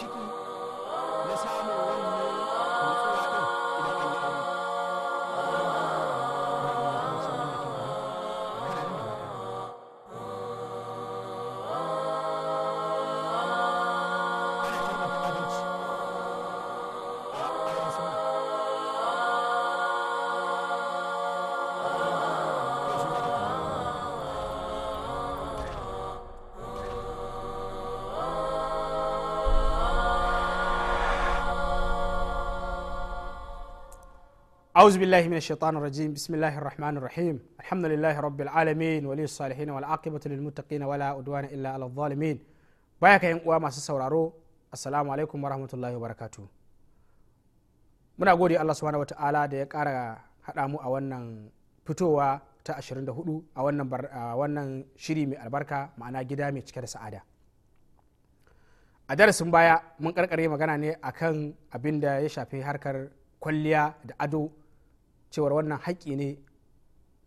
마시고 أعوذ بالله من الشيطان الرجيم بسم الله الرحمن الرحيم الحمد لله رب العالمين ولي الصالحين والعاقبة للمتقين ولا عدوان إلا على الظالمين بايك إن ما السلام عليكم ورحمة الله وبركاته muna gode Allah subhanahu wata'ala da ya kara haɗa mu a wannan fitowa ta 24 a wannan wannan shiri mai albarka ma'ana gida mai cike da sa'ada a darasin baya mun karkare magana ne akan abin da ya shafi harkar kwalliya da ado cewar wannan haƙƙi ne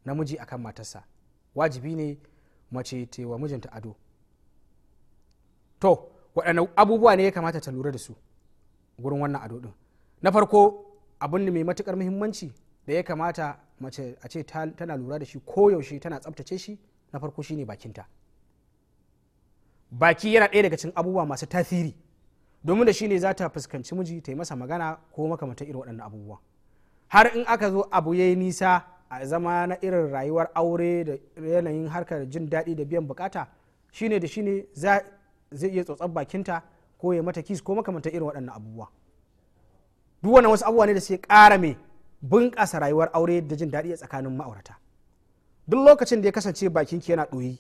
namiji akan matarsa wajibi ne mace ta wa mijinta ado to waɗanne abubuwa ne ya kamata ta lura da su gurin wannan ado ɗin na farko abin mai matuƙar muhimmanci da ya kamata mace a ce tana lura da shi ko yaushe tana tsabtace shi na farko shine bakinta baki yana ɗaya daga cikin abubuwa masu tasiri domin da shine za ta fuskanci miji ta yi masa magana ko makamantar irin waɗannan abubuwan. har in aka zo abu ya yi nisa a zama na irin rayuwar aure da yanayin harkar jin daɗi da biyan bukata shine da shine zai iya tsotsar bakinta ko ya mata kis ko makamanta irin waɗannan abubuwa duk wannan wasu abubuwa ne da sai ƙara mai bunƙasa rayuwar aure da jin daɗi a tsakanin ma'aurata duk lokacin da ya kasance bakinki yana ɗoyi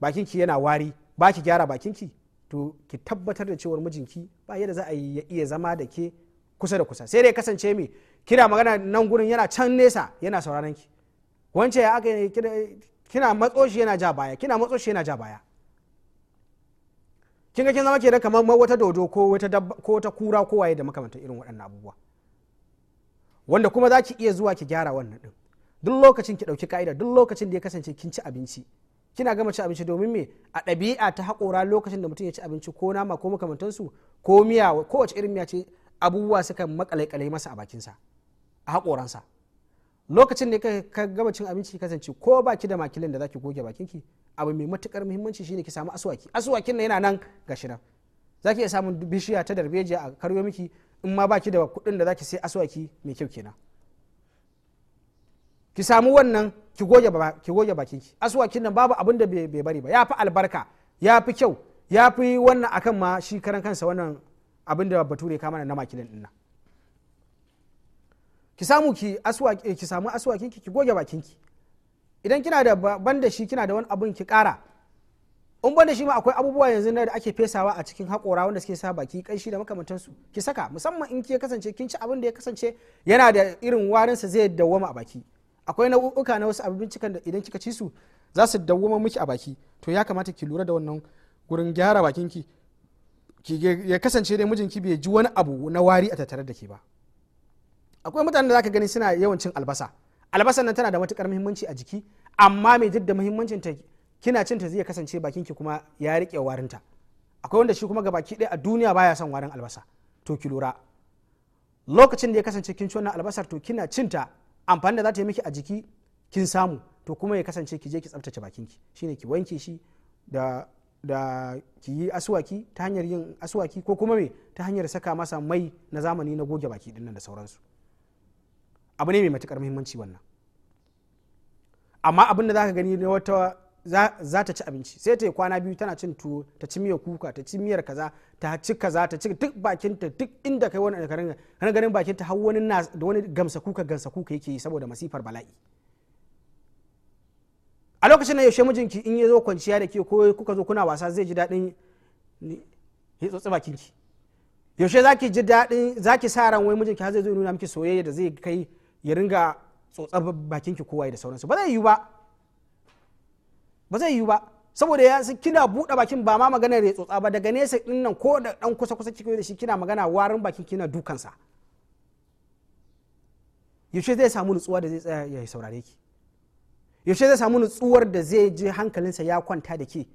bakinki yana wari ba ki gyara bakinki to ki tabbatar da cewar mijinki ba yadda za a iya zama da ke kusa da kusa sai dai kasance mai kina magana nan gurin yana can nesa yana sauraron ki wance ya aka kina matso shi yana ja baya kina matso shi yana ja baya kin ga kin zama kenan kamar wata dodo ko wata ko wata kura ko waye da makamantan irin waɗannan abubuwa wanda kuma za ki iya zuwa ki gyara wannan din duk lokacin ki ɗauki ka'ida duk lokacin da ya kasance kin ci abinci kina gama ci abinci domin me a ɗabi'a ta haƙora lokacin da mutum ya ci abinci ko nama ko makamantansu ko miya ko wace irin miya ce abubuwa suka makalaikalai masa a bakinsa a haƙoransa lokacin da ka gama cin abinci ki kasance ko baki da makilin da zaki goge bakinki abu mai matukar muhimmanci shine ki samu aswaki aswakin nan yana nan gashi nan zaki iya samun bishiya ta darbejiya a karyo miki in ma baki da kuɗin da zaki sai aswaki mai kyau kenan ki samu wannan ki goge ki goge bakinki aswakin nan babu abin da bai bari ba ya fi albarka ya fi kyau ya fi wannan akan ma shi karan kansa wannan abin da bature kama na makilin din nan ki samu ki aswaki eh, ki samu aswakin ki goge bakin ki idan kina da ban da shi kina da wani abun ki kara in ban da shi ma akwai abubuwa yanzu da ake fesawa a cikin haƙora wanda suke sa baki kanshi da su ki saka musamman in ki kasance kin ci abin da ya kasance yana da irin warinsa zai dawwama a baki akwai nau'uka na wasu abincikan da idan kika ci su za su dawwama miki a baki to ya kamata ki lura da wannan gurin gyara bakinki ya kasance dai mijinki bai ji wani abu na wari a tattare da ke ba akwai mutanen da zaka gani suna yawan cin albasa albasan nan tana da matukar muhimmanci a jiki amma mai duk da muhimmancin ta kina cin ta zai kasance bakin kuma ya rike warinta akwai wanda shi kuma ga baki ɗaya a duniya baya son warin albasa to ki lura lokacin da ya kasance kin ci wannan albasar to kina cin ta amfani da za ta yi miki a jiki kin samu to kuma ya kasance ki je ki tsaftace bakin ki shine ki wanke shi da da ki yi aswaki ta hanyar yin aswaki ko kuma me ta hanyar saka masa mai na zamani na goge baki dinnan da sauransu abu ne mai matukar muhimmanci wannan amma abin da za ka gani na wata za ta ci abinci sai ta yi kwana biyu tana cin tuwo ta ci miyar kuka ta ci miyar kaza ta ci kaza ta ci duk bakinta duk inda kai wani ka ringa ganin bakinta har wani da wani gamsa kuka gamsa kuka yake yi saboda masifar bala'i a lokacin nan yaushe mijinki in ya zo kwanciya da ke ko kuka zo kuna wasa zai ji daɗin ya tsotsi bakinki yaushe zaki ji daɗin ki sa ran wai mijinki har zai zo nuna miki soyayya da zai kai ya ringa tsotsar bakin ki kowa da sauransu ba zai yi ba ba zai yi ba saboda ya kina buɗe bakin ba ma magana da tsotsa ba daga nesa din nan ko da dan kusa kusa kike da shi kina magana warin bakin kina dukansa yaushe zai samu nutsuwa da zai tsaya ya saurare ki yaushe zai samu nutsuwar da zai je hankalinsa ya kwanta da ke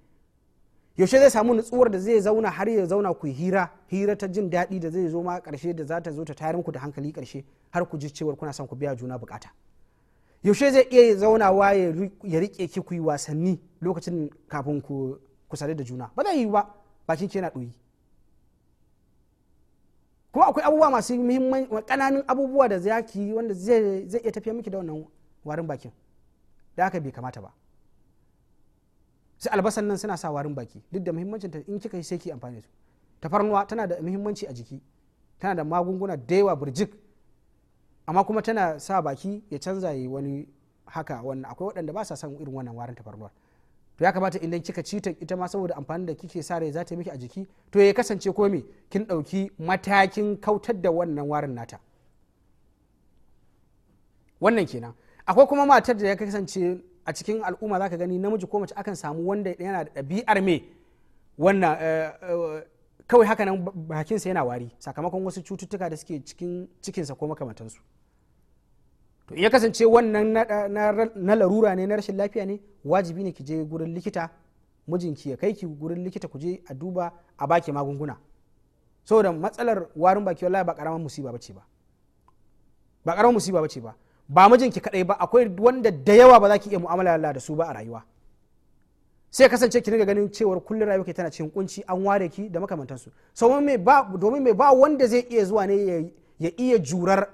yaushe zai samu nutsuwar da zai zauna har ya zauna ku hira hira ta jin daɗi da zai zo ma ƙarshe da za ta zo ta tayar muku da hankali karshe har ku ji cewar kuna son ku biya juna bukata yaushe zai iya zaunawa ya riƙe ki ku yi wasanni lokacin kafin ku sadu da juna ba zai yi ba bakin ki yana ɗoyi kuma akwai abubuwa masu muhimmanci kananan abubuwa da za ki wanda zai iya tafiya miki da wannan warin bakin da haka bai kamata ba sai albasan nan suna sa warin baki duk da muhimmancin ta in kika yi sai ki amfani da su tafarnuwa tana da muhimmanci a jiki tana da magunguna da yawa burjik amma kuma tana sa baki ya canza yi wani haka wannan akwai waɗanda ba sa son irin wannan warin tafarnuwa to ya kamata idan kika ci ta ita ma saboda amfani da kike sare za ta miki a jiki to ya kasance ko me kin ɗauki matakin kautar da wannan warin nata wannan kenan akwai kuma matar da ya kasance a cikin al'umma zaka gani namiji ko mace akan samu wanda yana da ɗabi'ar me wannan eh, eh, kawai haka nan bakinsa yana wari sakamakon wasu cututtuka da suke cikin cikinsa ko makamantansu to ya kasance wannan eh, na larura ne na rashin lafiya ne wajibi ne ki je gurin likita mijinki ya kai ki gurin likita ku je a duba a baki magunguna saboda matsalar warin baki wallahi ba karamar musiba bace ba ba karamar musiba bace ba ba mijinki kadai ba akwai wanda da yawa ba za ki iya mu'amala da su ba a rayuwa sai kasance ki riga ganin cewar kullum ke tana cikin kunci an ware ki da makamantansu sauran mai ba domin mai ba wanda zai iya zuwa ne ya iya jurar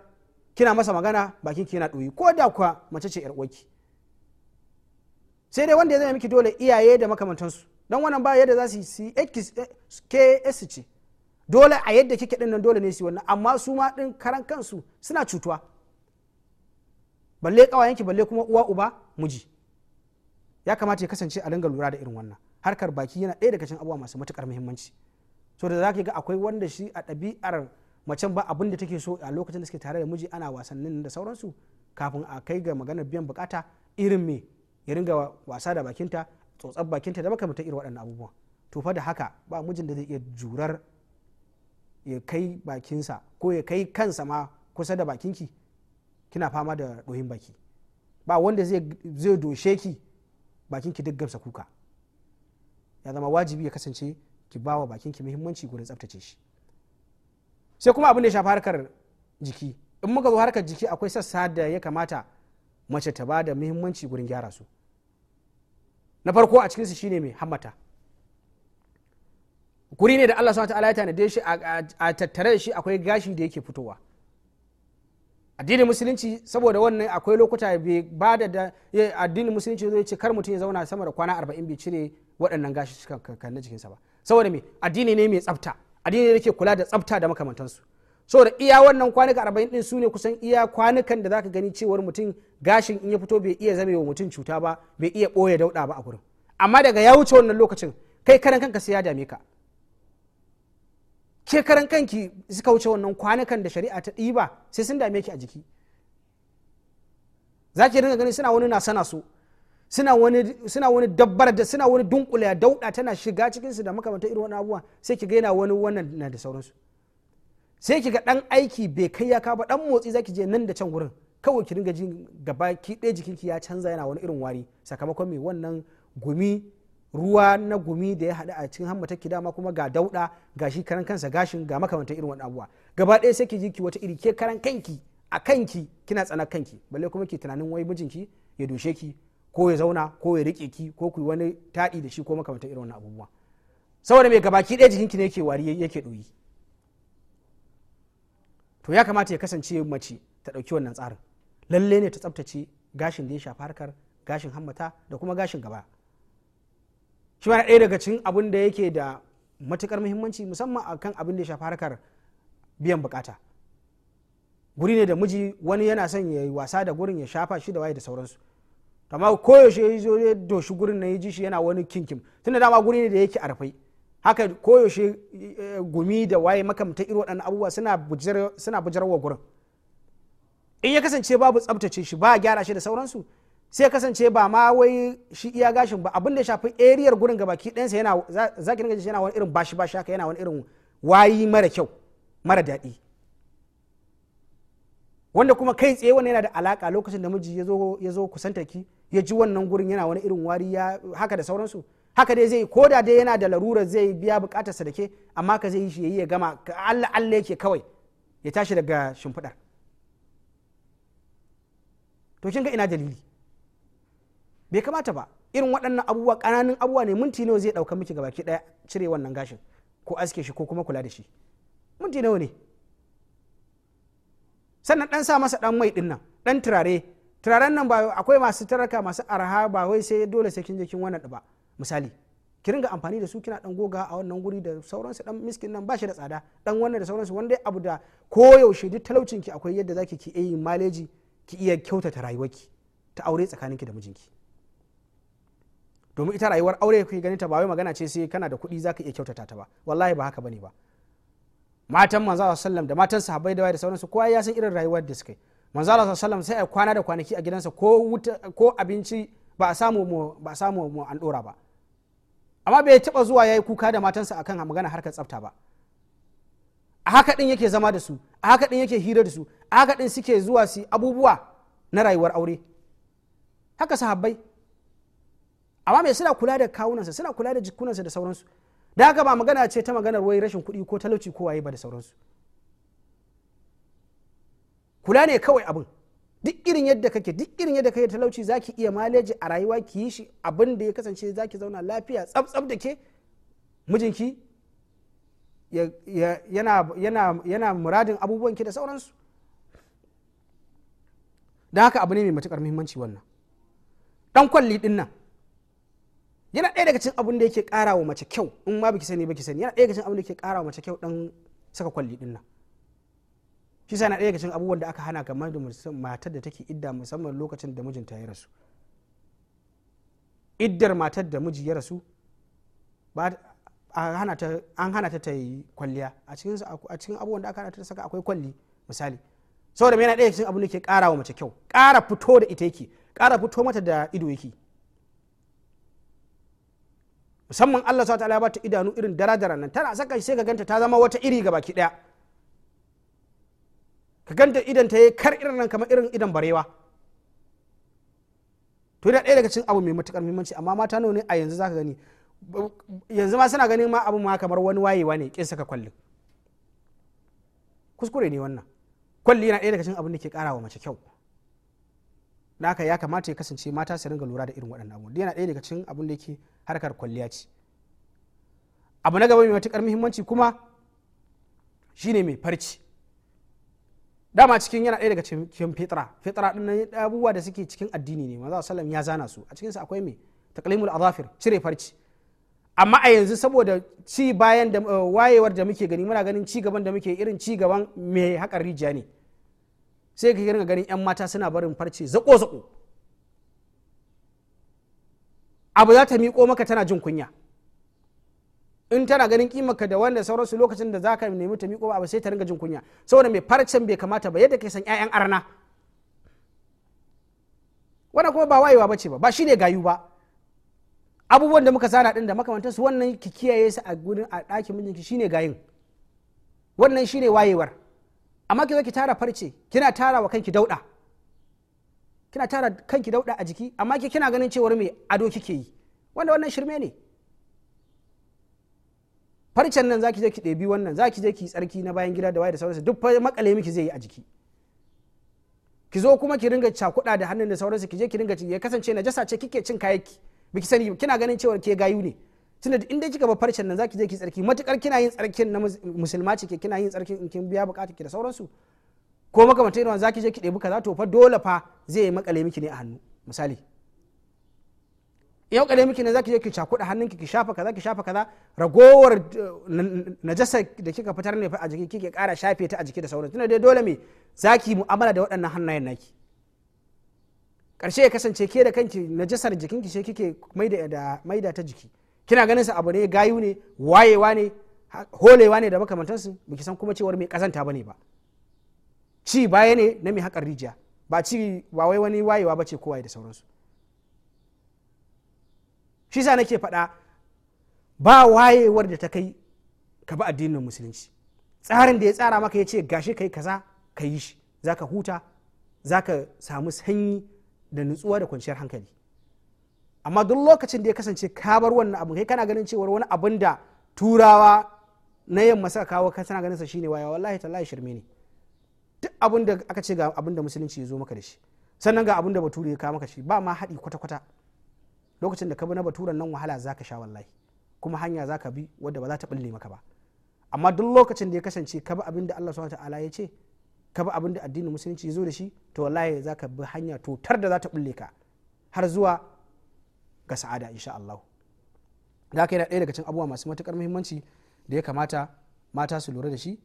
kina masa magana bakin ki yana doyi ko da kuwa mace ce yar uwarki sai dai wanda ya zama miki dole iyaye da makamantansu don wannan ba yadda za su yi ks ce dole a yadda kike din nan dole ne su wannan amma su ma din karan kansu suna cutuwa balle kawayenki balle kuma uwa uba miji ya kamata ya kasance a dinga lura da irin wannan harkar baki yana ɗaya daga cikin abubuwa masu matukar muhimmanci so da zaki ga akwai wanda shi a ɗabi'ar macen ba abin da take so a lokacin da suke tare da miji ana wasannin da sauransu kafin a kai ga maganar biyan bukata irin me ya ringa wasa da bakinta tsotsar bakinta da makamantar irin waɗannan abubuwan to fa da haka ba mijin da zai iya jurar ya kai bakinsa ko ya kai kansa ma kusa da bakinki kina fama da ɗoyin baki ba wanda zai doshe ki bakin ki duk gamsa kuka ya zama wajibi ya kasance ki ba wa bakin ki muhimmanci gurin tsaftace shi sai kuma abin da ya shafi harkar jiki in muka zo harkar jiki akwai sassa da ya kamata mace ta ba da muhimmanci gurin gyara su na farko a cikinsu shine mai hammata guri ne da Allah subhanahu ta'ala ya tanade shi a tattare da shi akwai gashi da yake fitowa addinin musulunci saboda wannan akwai lokuta bai ba da addinin musulunci zai ce kar mutum ya zauna sama da kwana arba'in bai cire waɗannan gashi cikin na jikinsa ba saboda me addini ne mai tsafta addini ne ke kula da tsafta da makamantansu saboda iya wannan kwanuka arba'in din su ne kusan iya kwanukan da zaka gani cewar mutum gashin in ya fito bai iya zame wa mutum cuta ba bai iya ɓoye dauɗa ba a gurin amma daga ya wuce wannan lokacin kai karan kanka sai ya dame ka ke karan kanki suka wuce wannan kwanakan da shari'a ta ɗiba sai sun dame ki a jiki za ki dinga ganin suna wani na sana su suna wani dabbar da suna wani dunkule dauɗa tana shiga cikinsu da makamantar irin wani abubuwa sai ki gaina wani wannan na da sauransu sai ki ga dan aiki bai kai ya ba dan motsi zaki je nan da can wurin kawai ki dinga jin gaba ki ɗaya jikinki ya canza yana wani irin wari sakamakon mai wannan gumi ruwa na gumi da ya haɗu a cikin hammata ki dama kuma ga dauɗa ga shi karan kansa gashin ga makamanta irin wani abuwa gaba ɗaya sai ki ji ki wata iri ke karan kanki a kanki kina tsana kanki balle kuma ki tunanin wai mijinki ya dushe ki ko ya zauna ko ya rike ki ko ku wani taɗi da shi ko makamanta irin wani abubuwa saboda mai gabaki ɗaya jikinki ne yake wari yake ɗoyi to ya kamata ya kasance mace ta ɗauki wannan tsarin lalle ne ta tsaftace gashin da ya shafi harkar gashin hammata da kuma gashin gaba shi ma ɗaya daga cikin abin da yake da matukar muhimmanci musamman kan abin da ya shafi harkar biyan bukata guri ne da miji wani yana son ya yi wasa da gurin ya shafa shi da waye da sauransu amma koyaushe ya zo ya doshi gurin na ya ji shi yana wani kinkim tunda dama guri ne da yake arfai haka koyaushe eh, gumi da waye makamta irin waɗannan abubuwa suna bujarwa gurin in ya kasance babu tsabtace shi ba gyara shi da sauransu sai kasance ba ma wai shi iya gashin ba abin da ya shafi ariyar gurin ga baki ɗansa yana za ki dinga yana wani irin bashi bashi haka yana wani irin wayi mara kyau mara daɗi wanda kuma kai tsaye wannan yana da alaka lokacin da miji ya zo kusantar ki ya ji wannan gurin yana wani irin wari haka da sauransu haka dai zai ko da dai yana da larura zai biya bukatarsa da ke amma ka zai yi shi yayi ya gama ka Allah Allah yake kawai ya tashi daga shimfiɗar to kin ga ina dalili bai kamata ba irin waɗannan abubuwa ƙananan abubuwa ne minti nawa zai ɗauka miki gabaki ɗaya cire wannan gashin ko aske shi ko kuma kula da shi minti nawa ne sannan ɗan sa masa ɗan mai ɗin nan ɗan turare turaren nan ba akwai masu taraka masu arha ba wai sai dole sai kin je kin wannan ba misali ki ringa amfani da su kina dan goga a wannan guri da sauransu dan miskin nan bashi da tsada dan wannan da sauransu wanda abu da koyaushe duk talaucin ki akwai yadda zaki ki yi maleji ki iya kyautata rayuwarki ta aure tsakaninki da mijinki domin ita rayuwar aure kuke gani ta ba wai magana ce sai kana da kuɗi zaka iya kyautata ta ba wallahi ba haka bane ba matan manzo sallam da matan sahabbai da da sauransu kowa ya san irin rayuwar da suke manzo alaihi sallam sai a kwana da kwanaki a gidansa ko ko abinci ba a samu mu ba a samu mu an dora ba amma bai taba zuwa yayi kuka da matansa akan magana harkar tsafta ba a haka din yake zama da su a haka din yake hira da su a haka din suke zuwa su abubuwa na rayuwar aure haka sahabbai amma mai suna kula da kawunansa suna kula da jikunansa da sauransu da haka ba magana ce ta maganar wai rashin kuɗi ko talauci ko waye ba da sauransu kula ne kawai abin duk irin yadda kake duk irin yadda kake talauci zaki iya maleji a rayuwa ki yi shi abin da ya kasance zaki zauna lafiya tsabtsab da ke mijinki yana muradin abubuwan ki da sauransu da haka abu ne mai matukar muhimmanci wannan dan kwalli din nan yana ɗaya daga cikin abin da yake ƙara wa mace kyau in ma biki sani baki sani yana ɗaya daga cikin abin da yake ƙara wa mace kyau dan saka kwalli dinna nan shi sa na ɗaya daga cikin abubuwan da aka hana kamar da matar da take idda musamman lokacin da mijinta ya rasu iddar matar da miji ya rasu an hana ta ta yi kwalliya a cikin abubuwan da aka hana ta saka akwai kwalli misali saboda yana ɗaya daga cikin abin da ke ƙara wa mace kyau ƙara fito da ita yake ƙara fito mata da ido yake musamman Allah sa ta ya bata idanu irin daradara nan tana saka sai ka ganta ta zama wata iri ga baki daya ka ganta idan ta yi kar irin nan kamar irin idan barewa to yana daya daga cikin abu mai matukar muhimmanci amma mata nawa ne a yanzu zaka gani yanzu ma suna ganin ma abu ma kamar wani wayewa ne kin saka kwallin kuskure ne wannan kwalli yana daya daga cikin abin da ke ƙara wa mace kyau da haka ya kamata ya kasance mata su ringa lura da irin waɗannan abubuwa yana ɗaya daga cikin abin da yake harkar kwalliya ce abu na gaba mai matuƙar muhimmanci kuma shine mai farci dama cikin yana ɗaya daga cikin fitra fitra ɗin nan abubuwa da suke cikin addini ne maza sallam ya zana su a cikinsa akwai mai taqlimul azafir cire farci amma a yanzu saboda ci bayan da eh, wayewar da muke gani muna ganin ci gaban da muke irin ci gaban mai haƙar rijiya ne sai ka ringa ganin 'yan mata suna barin farce zako-zako abu za ta miƙo maka tana jin kunya in tana ganin kimaka da wanda sauransu lokacin da za ka nemi ta miƙo abu sai ta ringa jin kunya saboda mai farcen bai kamata ba yadda kai san 'ya'yan arna wannan kuma ba wayewa bace ba ba shine gayu ba abubuwan da muka tsara din da makamantar su wannan ki kiyaye su a gurin a ɗakin mijinki shine gayin wannan shine wayewar amma ki zo ki tara farce kina tara wa kanki dauda kina tara kanki dauda a jiki amma ki kina ganin cewar me ado kike yi wanda wannan shirme ne farcen nan zaki je ki ɗebi wannan zaki je ki tsarki na bayan gida da waye da sauransu duk makale miki zai yi a jiki ki zo kuma ki ringa cakuɗa da hannun da sauransu ki je ki ringa ya kasance najasa ce kike cin kayanki biki sani kina ganin cewar ke gayu ne tunda in dai kika ba farcen nan zaki je ki tsarki matukar kina yin tsarkin na musulma ce ke kina yin tsarkin in kin biya bukata ki da sauransu ko makamata irin zaki je ki ɗebi kaza to fa dole fa zai yi makale miki ne a hannu misali yau kale miki ne zaki je ki cakuɗa hannunki ki shafa kaza ki shafa kaza ragowar eh, najasa da kika fitar ne fa a jiki kike ƙara shafe ta a jiki da sauransu tunda dai dole me zaki mu'amala da waɗannan hannayen naki karshe ya kasance ke da kanki najasar jikinki ce kike maida ta jiki kina ganin sa abu ne gayu ne wayewa ne holewa ne da makamantansu baki san kuma cewar mai kazanta bane ba ci baya ne na mai haƙar rijiya ba ci ba wai wani wayewa ba ce kowaye da sauransu shi sa nake faɗa ba wayewar da ta kai ka ba addinin musulunci tsarin da ya tsara maka ya ce gashi kai kaza ka yi shi za ka huta za ka samu sanyi da nutsuwa da kwanciyar hankali amma duk lokacin da ya kasance ka bar wannan abin kai kana ganin cewa wani abin da turawa na yamma suka kawo ka tana ganin sa shine waya wallahi tallahi shirme ne duk abin da aka ce ga abin da musulunci ya zo maka da shi sannan ga abin da bature ya kawo maka shi ba ma haɗi kwata kwata lokacin da ka bi na baturen nan wahala zaka sha wallahi kuma hanya zaka bi wadda ba za ta bulle maka ba amma duk lokacin da ya kasance ka bi abin da Allah subhanahu ta'ala ya ce ka bi abin da addinin musulunci ya zo da shi to wallahi zaka bi hanya totar da za ta bulle ka har zuwa ga sa'ada insha Allah da haka yana ɗaya daga cikin abubuwa masu matukar muhimmanci da ya kamata mata su lura da shi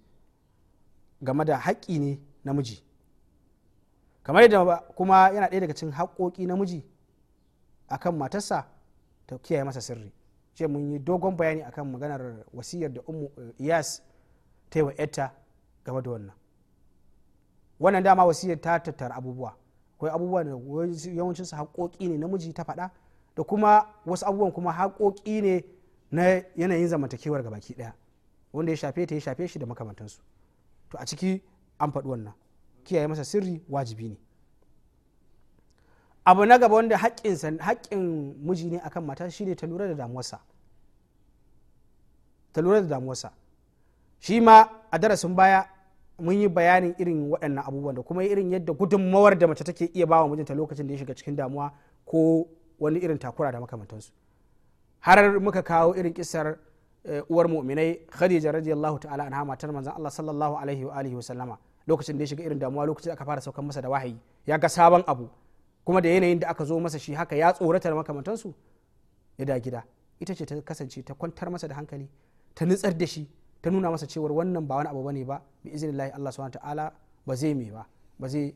game da haƙƙi ne namiji kamar yadda kuma yana ɗaya daga cikin haƙƙoƙi namiji akan matarsa ta kiyaye masa sirri ce mun yi dogon bayani akan maganar wasiyar da umu eh, iyas ta yi wa yarta game da wannan wannan dama wasiyar ta tattara abubuwa akwai abubuwa da yawancin su haƙoƙi ne namiji ta faɗa da kuma wasu abubuwan kuma haƙoƙi ne na yanayin zamantakewar ga baki ɗaya wanda ya shafe ta ya shafe shi da makamantansu to a ciki an faɗi wannan kiyaye masa sirri wajibi ne abu na gaba wanda haƙƙin miji ne akan mata shi ne ta lura da damuwarsa shi ma a darasin baya mun yi bayanin irin waɗannan abubuwan da kuma irin yadda gudunmawar da mace take iya bawa mijinta lokacin da ya shiga cikin damuwa ko wani irin takura da makamantansu har muka kawo irin kisar eh, uwar mu'minai khadija radiyallahu ta'ala anha matar manzon Allah sallallahu alaihi wa alihi wa sallama lokacin da ya shiga irin damuwa lokacin da aka fara saukan masa da wahayi ya ga sabon abu kuma da yanayin da aka zo masa shi haka ya tsorata da makamantansu ya da gida ita ce ta kasance ta kwantar masa da hankali ta nutsar da shi ta nuna masa cewar wannan ba wani abu bane ba bi iznillahi Allah subhanahu ta'ala ba zai me ba ba zai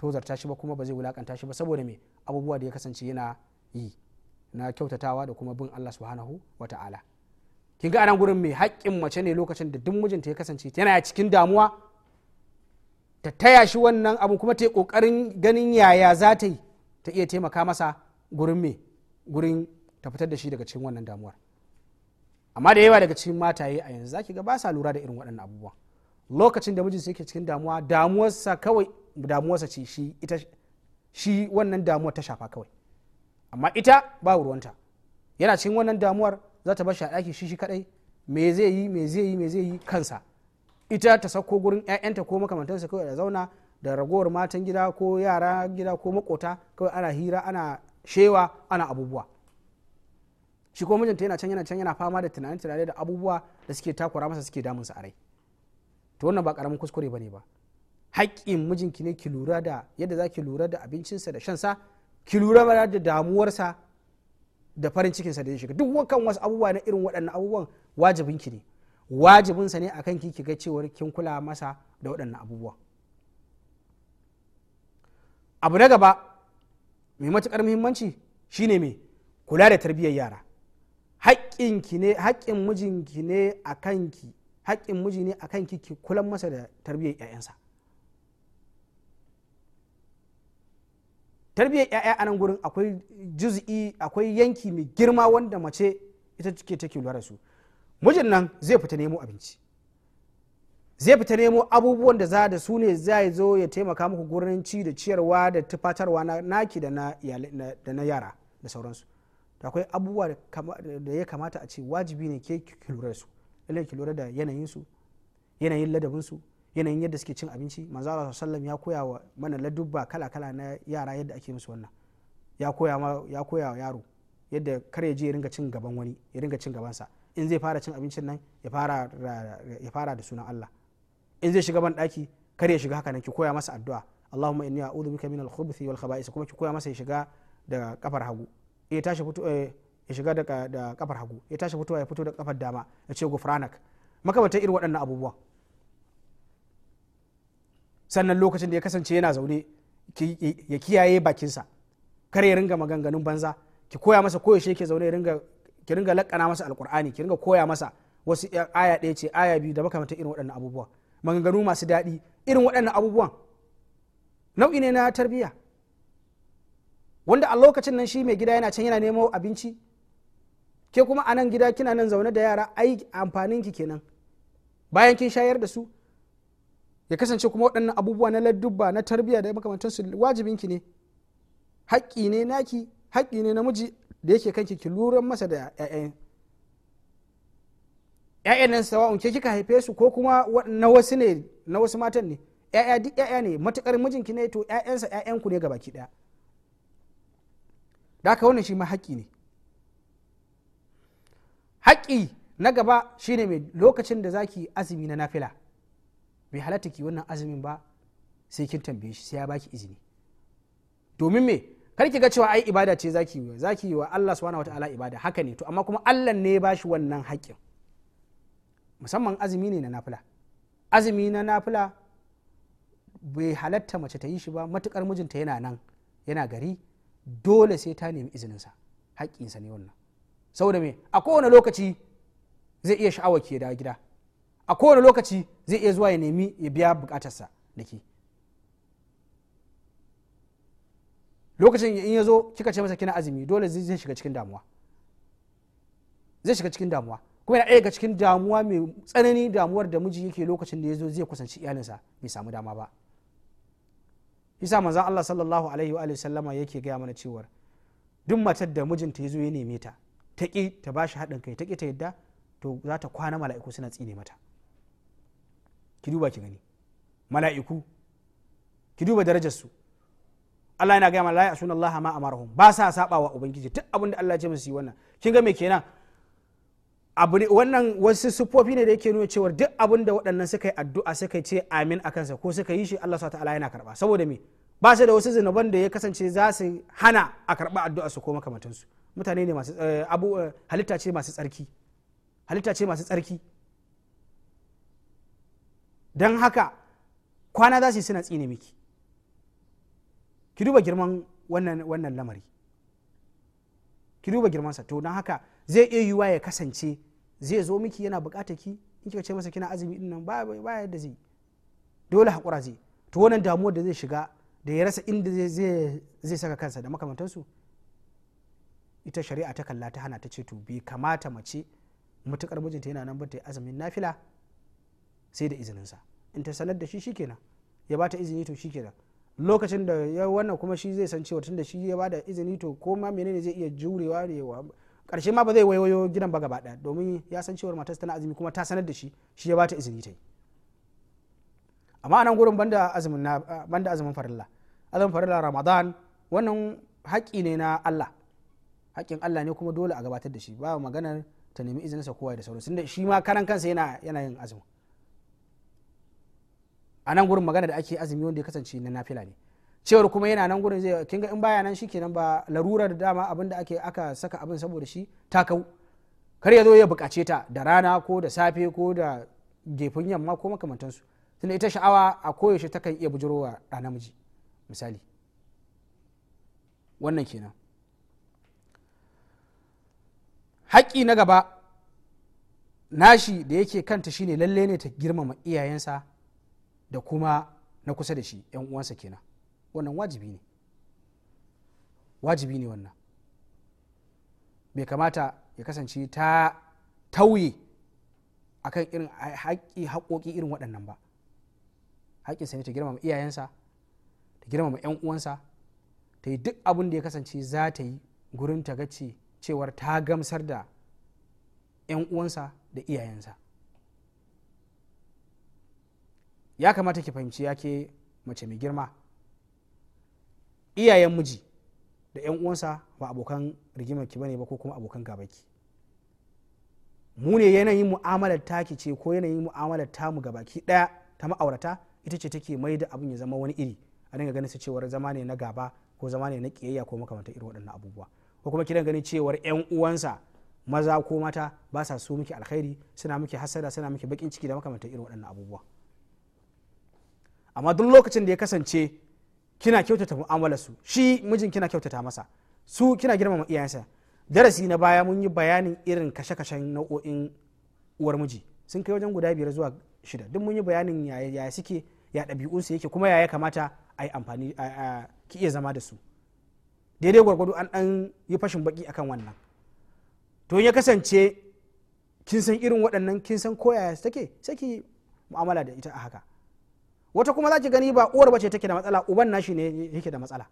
tozarta shi ba kuma ba zai wulakanta shi ba saboda me abubuwa da ya kasance yana yi na kyautatawa da kuma bin Allah subhanahu ta'ala kin ga anan gurin mai haƙƙin mace ne lokacin da duk mijinta ya kasance yana cikin damuwa ta taya shi wannan abu kuma ta yi ƙoƙarin ganin yaya za ta yi ta iya taimaka masa gurin me gurin ta fitar da shi daga cikin wannan damuwar amma da yawa daga cikin mataye a yanzu zaki ga ba sa lura da irin waɗannan abubuwan lokacin da mijinsa yake cikin damuwa damuwarsa kawai damuwarsa ce shi ita shi wannan damuwar ta shafa kawai amma ita ba ruwanta yana cikin wannan damuwar za ta bashi a ɗaki shi shi kaɗai me zai yi me zai yi me zai yi kansa ita ta sauko gurin 'ya'yanta ko makamantansa kawai da zauna da ragowar matan gida ko yara gida ko makota kawai ana hira ana shewa ana abubuwa shi ko mijinta yana can yana can yana fama da tunanin tunanin da abubuwa da suke takura masa suke damunsa a rai to wannan ba karamin kuskure bane ba haƙƙin mijinki ne ki lura da yadda za ki lura da abincinsa da shansa ki lura ba da damuwarsa da farin cikinsa da ya shiga duk wakan wasu abubuwa na irin waɗannan abubuwan wajibin ne wajibinsa ne akan ki ki ga cewar kin kula masa da waɗannan abubuwan abu na gaba mai matuƙar muhimmanci shine mai kula da tarbiyyar yara haƙƙinki ne haƙƙin mijinki ne a kanki haƙƙin miji ne a kanki ki kula masa da tarbiyyar 'ya'yansa tarbiyyar ya'ya a nan gurin akwai juz'i akwai yanki mai girma wanda mace ita take take lura da su mijin nan zai fita nemo abinci zai fita nemo abubuwan da za da su ne za a zo ya taimaka muku gurin ci da ciyarwa da tufatarwa na naki da na yara da sauransu akwai abubuwa da ya kamata a ce wajibi ne ke ki lura da su yanayinsu yanayin ladabinsu yanayin yadda suke cin abinci manzo Allah sallam ya koya wa mana ladubba kala kala na yara yadda ake musu wannan ya koya ma ya koya wa yaro yadda kar ya je ya ringa cin gaban wani ya ringa cin gabansa in zai fara cin abincin nan ya fara ya fara da sunan Allah in zai shiga ban daki kar ya shiga haka nan ki koya masa addu'a Allahumma inni a'udhu bika min al-khubuthi wal khaba'is kuma ki koya masa ya shiga da kafar hagu eh, ya tashi fito eh, ya shiga da kafar hagu ya tashi fitowa ya fito da kafar dama ya ce gufranak makamantar irin waɗannan abubuwan sannan lokacin da ya kasance yana zaune ya kiyaye bakinsa kar ya ringa maganganun banza ki koya masa koyaushe ke zaune ki ringa lakana masa alkur'ani ki ringa koya masa wasu aya ɗaya ce aya biyu da makamata irin waɗannan abubuwa maganganu masu daɗi irin waɗannan abubuwan nau'i ne na tarbiyya wanda a lokacin nan shi mai gida yana can yana nemo abinci ke kuma a nan gida kina nan zaune da yara ai amfanin ki kenan bayan kin shayar da su ya kasance kuma waɗannan abubuwa na ladduba na tarbiyya da makamantansu wajibinki ne haƙƙi ne naki haƙƙi ne namiji da yake kanki ki luran masa da 'ya'yan ‘ya'yan nan sawa'un ke kika haife su ko kuma na wasu ne na wasu matan ne ‘ya'ya duk ‘ya'ya ne matukar mijinki ne to ‘ya'yansa ‘ya'yanku ne gabaki ɗaya da haka wannan shi ma haƙƙi ne haƙƙi na gaba shine mai lokacin da zaki azumi na nafila bai halatta ki wannan azumin ba sai kin tambaye shi sai ya baki izini domin me kar ki ga cewa ai ibada ce zaki yi zaki yi wa Allah subhanahu wataala ibada haka ne to amma kuma Allah ne ya bashi wannan haƙƙin musamman azumi ne na nafila azumi na nafila bai halatta mace ta yi shi ba matukar mijinta yana nan yana gari dole sai ta nemi izinin sa haƙƙinsa ne wannan saboda me a kowane lokaci zai iya sha'awar ki ya dawo gida a kowane lokaci zai iya zuwa ya nemi ya biya bukatarsa da ke lokacin in ya zo kika ce masa kina azumi dole zai shiga cikin damuwa zai shiga cikin damuwa kuma yana ɗaya ga cikin damuwa mai tsanani damuwar da miji yake lokacin da ya zo zai kusanci iyalinsa bai samu dama ba isa manzan allah sallallahu alaihi wa sallama yake gaya mana cewar duk matar da mijinta ya zo ya neme ta ta ki ta bashi haɗin kai ta ki ta yadda to za ta kwana mala'iku suna tsine mata ki duba ki gani mala'iku ki duba darajar su Allah yana gaya la ya'suna Allah ma amarahum ba sa sabawa ubangiji duk abin da Allah ya ce musu wannan kin ga me kenan abu ne wannan wasu sufofi ne da yake nuna cewa duk abin da waɗannan suka yi addu'a suka ce amin a kansa ko suka yi shi Allah subhanahu ta'ala yana karba saboda me ba su da wasu zinuban da ya kasance za su hana a karba addu'a su ko makamantansu mutane ne masu eh, abu eh, halitta ce masu tsarki halitta ce masu tsarki don haka kwana za su suna tsine miki ki duba girman wannan lamari ki duba girman sa to don haka zai iya yiwuwa ya kasance zai zo miki yana bukata ki in kika ce masa kina azumi din nan ba yadda zai dole hakura zai to wannan damuwar da zai shiga da ya rasa inda zai saka kansa da makamantansu ita shari'a ta kalla ta hana ta ce to bai kamata mace matukar mijinta yana nan ba ta yi azumin nafila sai da izininsa in ta sanar da shi shikenan ya ba ta izini to shikenan lokacin da ya wannan kuma shi zai san cewa tunda shi ya ba da izini to ko ma menene zai iya jurewa ne wa karshe ma ba zai wayo gidan ba gaba domin ya san cewa matarsa tana azumi kuma ta sanar da shi shi ya ba ta izini ta yi amma anan gurin banda azumin na banda azumin farilla azumin farilla ramadan wannan haƙƙi ne na Allah haƙƙin Allah ne kuma dole a gabatar da shi ba maganar ta nemi izininsa kowa da sauransu tunda shi ma karan kansa yana yana yin azumi a nan gurin magana da ake azumi wanda ya kasance na nafila ne cewar kuma yana nan gurin zai ga in baya nan shikenan ba larurar dama abin da ake aka saka abin saboda shi ta kau kar ya zo ya bukace ta da rana ko da safe ko da gefen yamma ko makamantansu tunda ita sha'awa a koyaushe takan iya bujurowa ɗa namiji misali wannan kenan haƙƙi na gaba nashi da yake kanta shine lalle ne ta girmama iyayensa da kuma na kusa da shi yan uwansa kenan wannan wajibi ne wajibi ne wannan bai kamata ya kasance ta tauye akan irin haƙƙi haƙoƙi irin waɗannan ba haƙƙinsa ne ta girmama iyayensa ta girmama 'yan uwansa ta yi duk abin da ya kasance za ta yi gurin ta ga cewar ta gamsar da 'yan uwansa da iyayensa ya kamata ki fahimci ya ke mace mai girma iyayen miji da 'yan uwansa ba abokan rigimarki bane ba ko kuma abokan gabaki mu ne yanayin mu'amalar taki ce ko yanayin mu'amalar tamu gabaki daya ta ma'aurata ita ce take mai da abin ya zama wani iri a dinga ganin su cewar zama ne na gaba ko zama ne na kiyayya ko makamantar irin waɗannan abubuwa ko kuma kidan ganin cewar 'yan uwansa maza ko mata ba sa so miki alkhairi suna miki hasada suna miki bakin ciki da makamantar irin waɗannan abubuwa amma duk lokacin da ya kasance kina kyautata mu'amalar su shi mijin kina kyautata masa su kina girmama iyayensa darasi na baya mun yi bayanin irin kashe-kashen nau'o'in uwar miji sun kai wajen guda biyar zuwa shida duk mun yi bayanin yaya suke ya ɗabi'unsu yake kuma yaya kamata a yi amfani ki iya zama da su daidai gwargwado an ɗan yi fashin baki akan wannan to ya kasance kin san irin waɗannan kin san koyaya take sai ki mu'amala da ita a haka wata kuma za ki gani ba uwar bace take da matsala uban nashi ne yake da matsala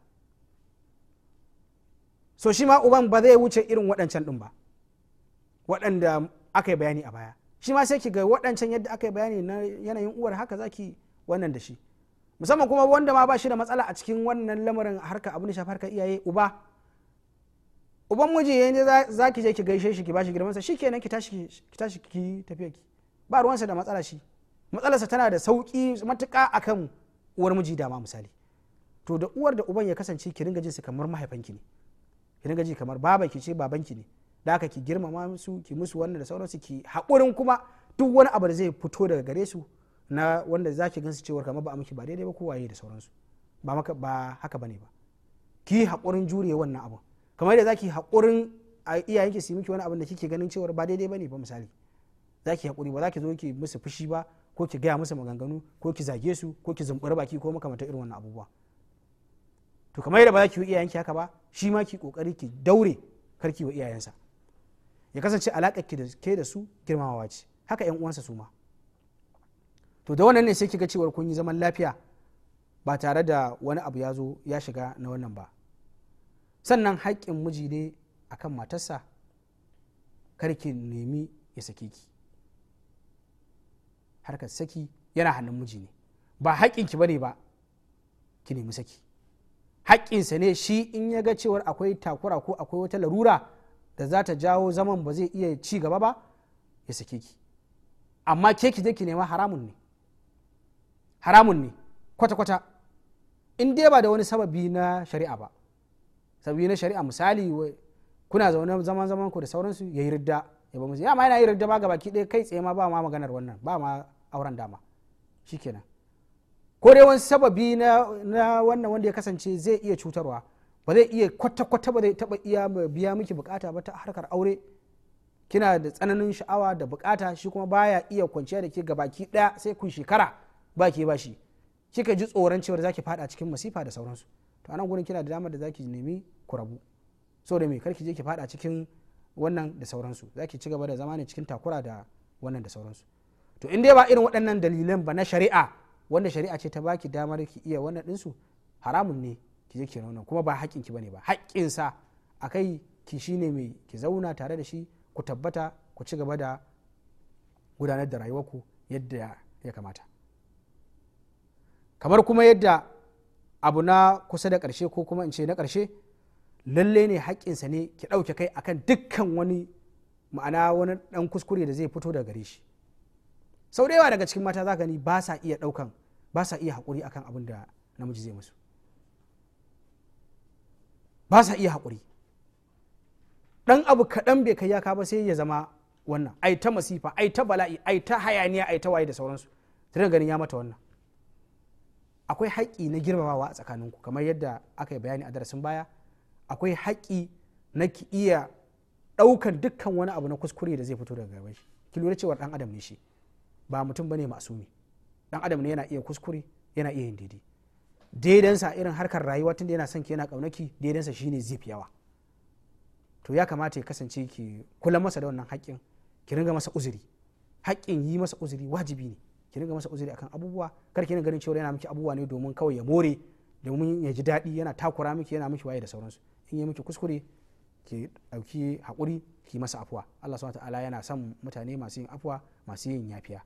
so shi ma uban ba zai wuce irin waɗancan ɗin ba waɗanda aka yi bayani a baya shi ma sai ki ga waɗancan yadda aka yi bayani na yanayin uwar haka zaki wannan da shi musamman kuma wanda ma ba shi da matsala a cikin wannan lamarin harka abin da shafi harka iyaye uba uban miji yanzu za ki je ki gaishe shi ki bashi girmansa shikenan ki tashi ki tafiya ki ba ruwansa da matsala shi matsalarsa tana da sauki matuƙa akan uwar miji dama misali to da uwar da uban ya kasance ki ringa jinsu kamar mahaifanki ne ki ringa ji kamar babanki ce babanki ne da haka ki girmama su ki musu wannan da sauransu ki haƙurin kuma duk wani abu da zai fito daga gare su na wanda za ki gansu cewar kamar ba a miki ba daidai ba ko waye da sauransu ba ba haka bane ba ki haƙurin jure wannan abu, kamar yadda za ki haƙurin a iyayenki su miki wani abu da kike ganin cewar ba daidai ba ne ba misali za ki haƙuri ba za ki zo ki musu fushi ba ko ki gaya masa maganganu ko ki zage su ko ki zumbura baki ko makamata irin wannan abubuwa to kamar yadda ba za ki yi iyayenki haka ba shi ma ki kokari ki daure karki wa iyayensa ya kasance alakar ki da ke da su girmamawa ce haka yan uwansa su ma to da wannan ne sai ki ga cewar kun yi zaman lafiya ba tare da wani abu ya zo ya shiga na wannan ba sannan haƙƙin miji ne akan matarsa kar ki nemi ya sake ki harkar saki yana hannun miji ne ba haƙƙinki ne ba ki nemi saki haƙƙinsa ne shi in ya ga cewar akwai takura ko akwai wata larura da za ta jawo zaman ba zai iya ci gaba ba ya sake ki amma ke ki je ki nema haramun ne haramun ne kwata-kwata in dai ba da wani sababi na shari'a ba sababi na shari'a misali kuna zaune zaman zaman ku da sauransu ya yi ridda ya ba musu ya ma yana yi ridda ba gaba ki ɗaya kai tsaye ma ba ma maganar wannan ba ma auren dama shi kenan ko dai wani sababi na wannan wanda ya kasance zai iya cutarwa ba zai iya kwata-kwata ba zai taba iya biya miki bukata ba ta harkar aure kina da tsananin sha'awa da bukata shi kuma baya iya kwanciya da ke ga baki daya sai kun shekara ba ke bashi kika ji tsoron cewar zaki fada cikin masifa da sauransu to anan gurin kina da damar da zaki nemi ku rabu so da me karki je ki fada cikin wannan da sauransu zaki ci gaba da zama ne cikin takura da wannan da sauransu to in dai ba irin waɗannan dalilan ba na shari'a wanda shari'a ce ta baki damar ki iya wannan ɗinsu haramun ne ki je ki raunan kuma ba haƙƙin ki bane ba haƙƙin a kai ki shi ne mai ki zauna tare da shi ku tabbata ku ci gaba da gudanar da rayuwarku yadda ya kamata kamar kuma yadda abu na kusa da karshe ko kuma in ce na karshe lalle ne haƙƙinsa ne ki ɗauke kai akan dukkan wani ma'ana wani ɗan kuskure da zai fito daga gare shi sau da yawa daga cikin mata za gani ba sa iya ɗaukan ba sa iya haƙuri akan abin da namiji zai musu ba sa iya haƙuri ɗan abu kaɗan bai kai yaka ba sai ya zama wannan ai ta masifa ai ta bala'i ai ta hayaniya ai ta waye da sauransu sai ganin ya mata wannan akwai haƙƙi na girmamawa a tsakaninku kamar yadda aka yi bayani a darasin baya akwai haƙƙi na ki iya ɗaukan dukkan wani abu na kuskure da zai fito daga gaban shi ki lura cewa ɗan adam ne shi ba mutum bane masumi dan adam ne yana iya kuskure yana iya yin daidai daidansa irin harkar rayuwa tunda yana son ki yana kaunaki daidansa shine zip yawa to ya kamata ya kasance ki kula masa da wannan haƙƙin ki ringa masa uzuri haƙƙin yi masa uzuri wajibi ne ki ringa masa uzuri akan abubuwa kar ki ringa ganin cewa yana miki abubuwa ne domin kawai ya more domin ya ji daɗi yana takura miki yana miki waye da sauransu in yi miki kuskure ki ɗauki hakuri ki masa afuwa Allah subhanahu wa ta'ala yana son mutane masu yin afuwa masu yin yafiya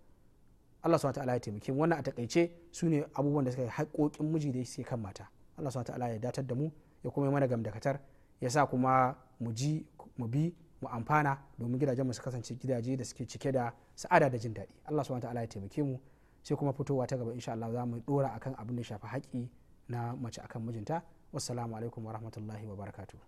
Allah subhanahu ta'ala ya taimake wannan a takaice su ne abubuwan da suka yi haƙoƙin miji da suke kan mata Allah subhanahu ta'ala ya datar da mu ya kuma yi mana dakatar ya sa kuma mu ji mu bi mu amfana domin gidajen mu su kasance gidaje da suke cike da sa'ada da jin daɗi Allah subhanahu ta'ala ya taimake mu sai kuma fitowa ta gaba insha Allah za mu dora akan abin da shafi haƙi na mace akan mijinta wassalamu alaikum wa rahmatullahi wa barakatuh